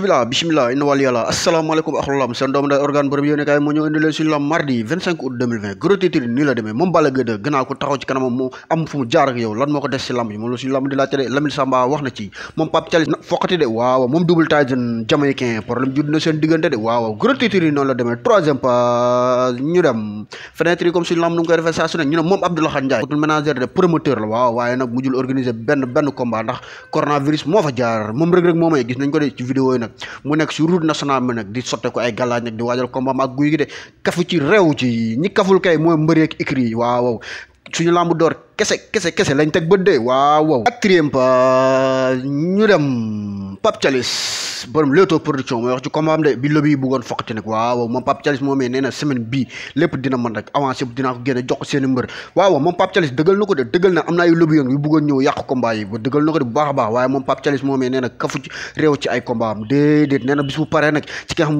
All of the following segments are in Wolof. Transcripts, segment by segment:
bismillah inna wàll yàlla asalaamaaleykum axlulam seen doomu day organe promoteur la waaw waaye nag mujjul organiser benn benn combat ndax coronavirus moo fa jaar moom rëg-rëg moomay gis nañ ko de ci vidéo yi nag mu nekk si route national bi nag di sotte ko ay galaaj nag di waajal combat ak guy gi de kafu ci réew ci ñi kaful kay mooy mbëri ak écrit yi waaw waaw suñu lambu door kese kese kese lañ teg bët de waaw waaw quatrième pas ñu dem Pape Thialis borom Leewtoo production mooy wax ci combat de bi lobby yi bëggoon foqati nag moom Pape Thialis moomee nee na semaine bii lépp dina mën rek avancé dinaa ko génne jox ko mbër waaw moom Pape Thialis dëggal na ko de dëggal na am naa yu lobby yoon yu ñëw yàq combat yi dëggal na ko de baax baax waaye moom Pape Thialis moomee nee na kafu ci réew ci ay combat am déedéet nee bis bu paree nag ci kenn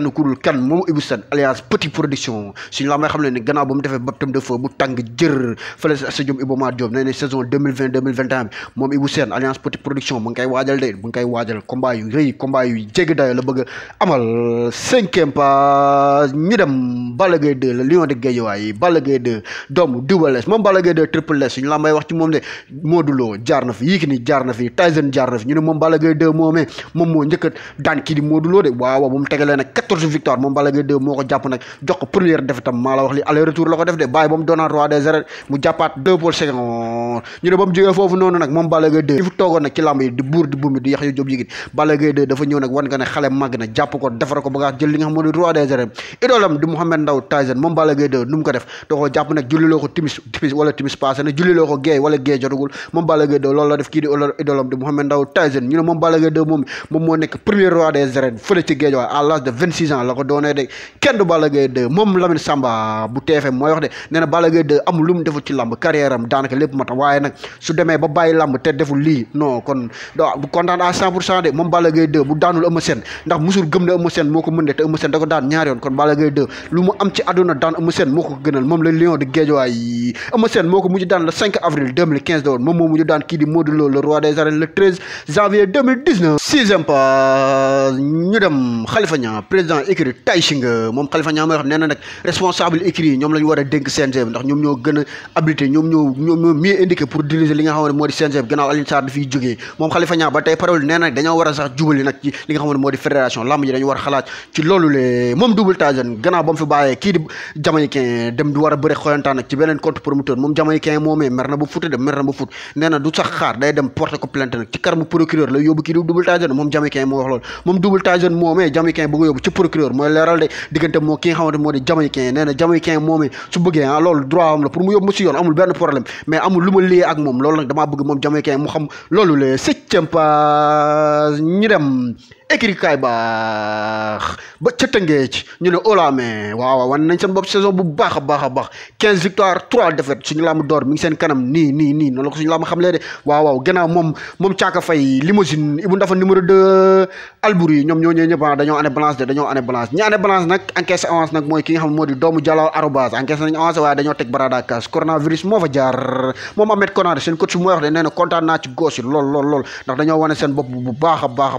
moom Ibou Sène alias Petit Production baptême de feu bu tàng jër fële sa stadium Iba Mar Diop nee ne saison 2020 2021 bi moom alliance petite production mu ngi waajal de mu ngi waajal combat yu rëy combat yu jéggi dayo la bëgg amal cinquième pas ñu dem Balla Gaye 2 le de Guédiawaye Balla Gaye doomu Double Less moom Balla Gaye triple less ñu la may wax ci moom de Modou jaar na fi Yékini jaar na fi Tyson jaar na fi ñu ne moom Balla Gaye 2 moom moo njëkkat daan kii di Modou de waaw moom tegalee nag de bàyyi ba mu doonaat roi des arènes mu jàppaat deux pôles ñu ne ba mu jógee foofu noonu nag moom Balla Gaye 2 moom da moo nekk premier roi des arènes fële ci géej waaye à de vingt six ans la ko doonee de kenn du Balla Gaye 2 moom Lamine Samba bu TFM mooy wax de de nee na Balla Gaye 2 lu mu deful ci làmb carrière am daanaka lépp mat waaye nag su demee ba bàyyi làmb te deful lii non kon du kontaan à 100 pour cent de moom Balla Gaye 2 daanul Eumeu Sène ndax musul gëm ne Eumeu moo ko mën de te Eumeu Sène moo ko gënal moom la lion de Guédiawaye yi Eumeu Sène moo ko mujj daan le 5 avril 2015 da woon moom moo mujj daan kii di Modou Lo le roi des arènes le 13 janvier 2019 sixième pas ñu dem Khalifa Niang président écurie Tay la ñu dénk CNG bi ndax ñoom ñoo gën a habilité ñoom ñoom ñoo mieux pour diriger li nga xam moo di CNG bi gannaaw Alioune di fiy jógee moom Khalifa Niang ba tey parole nee na dañoo war a sax jubali nag ci li nga xam ne moo di fédération lamb ji a xalaat ci loolu le moom Double Tyson gannaaw ba mu fi bàyyee kii di jamaïcain dem di war a bëre xoyantaan nag ci beneen compte promoteur moom jamaïcain moomee mer na ba fute de mer na ba fut nee du sax xaar day dem porter ko nag ci kanamu procureur la su bëggee ah loolu droit am la pour mu yóbbu ma si yoon amul benn problème mais amul lu ma lié ak moom loolu nag damaa bëgg moom Jamaïcain mu xam loolu la septième pas ñu dem écrit kaay baax ba ca Tëngéej ñu ne olaame waaw wan nañ seen bopp bu baax a baax a baax quinze victoire trois défaites suñu laamu door mi seen kanam nii nii nii noonu la ko suñu laamu xamlee moom moom caaka fay limousine Ibou Ndafa numéro deux Albouri ñoom ñoo ñëw ñëpp ah, dañoo année balance de dañoo année balance ñi année na kontaan naa ci goos yi lool lool a baax a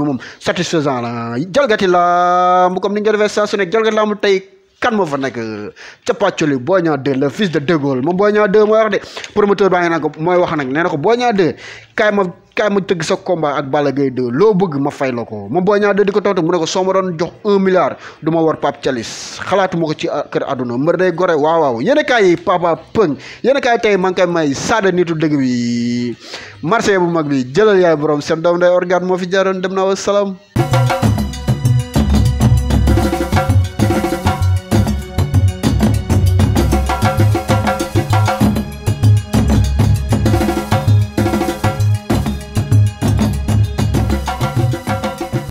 bi moom satisfaisant la jalgati làmb comme ni ñu ko defee jalgati làmb tey kan moo fa nekk euh, ca pàccali Boy Niang 2 le fils de De Gaulle moom Boy Niang 2 mooy wax de promoteur baa ngi naan ko mooy wax nag nee na ko Boy Niang 2 kaay ma kaay ma tëgg sa combat ak Balla Gaye 2 loo bëgg ma fay la ko moom Boy Niang 2 di ko tontu mu ne ko soo ma doon jox un milliard du ma war Pape Thialis xalaatu ko ci euh, kër àdduna mbër day gore waaw waaw yéen a kaay Papa Pëng yéen a kaay tey maa ngi koy may saada nitu dëgg bi marché bu mag bi jëlal yaay borom seen doom day organe moo fi jaaroon dem naa wa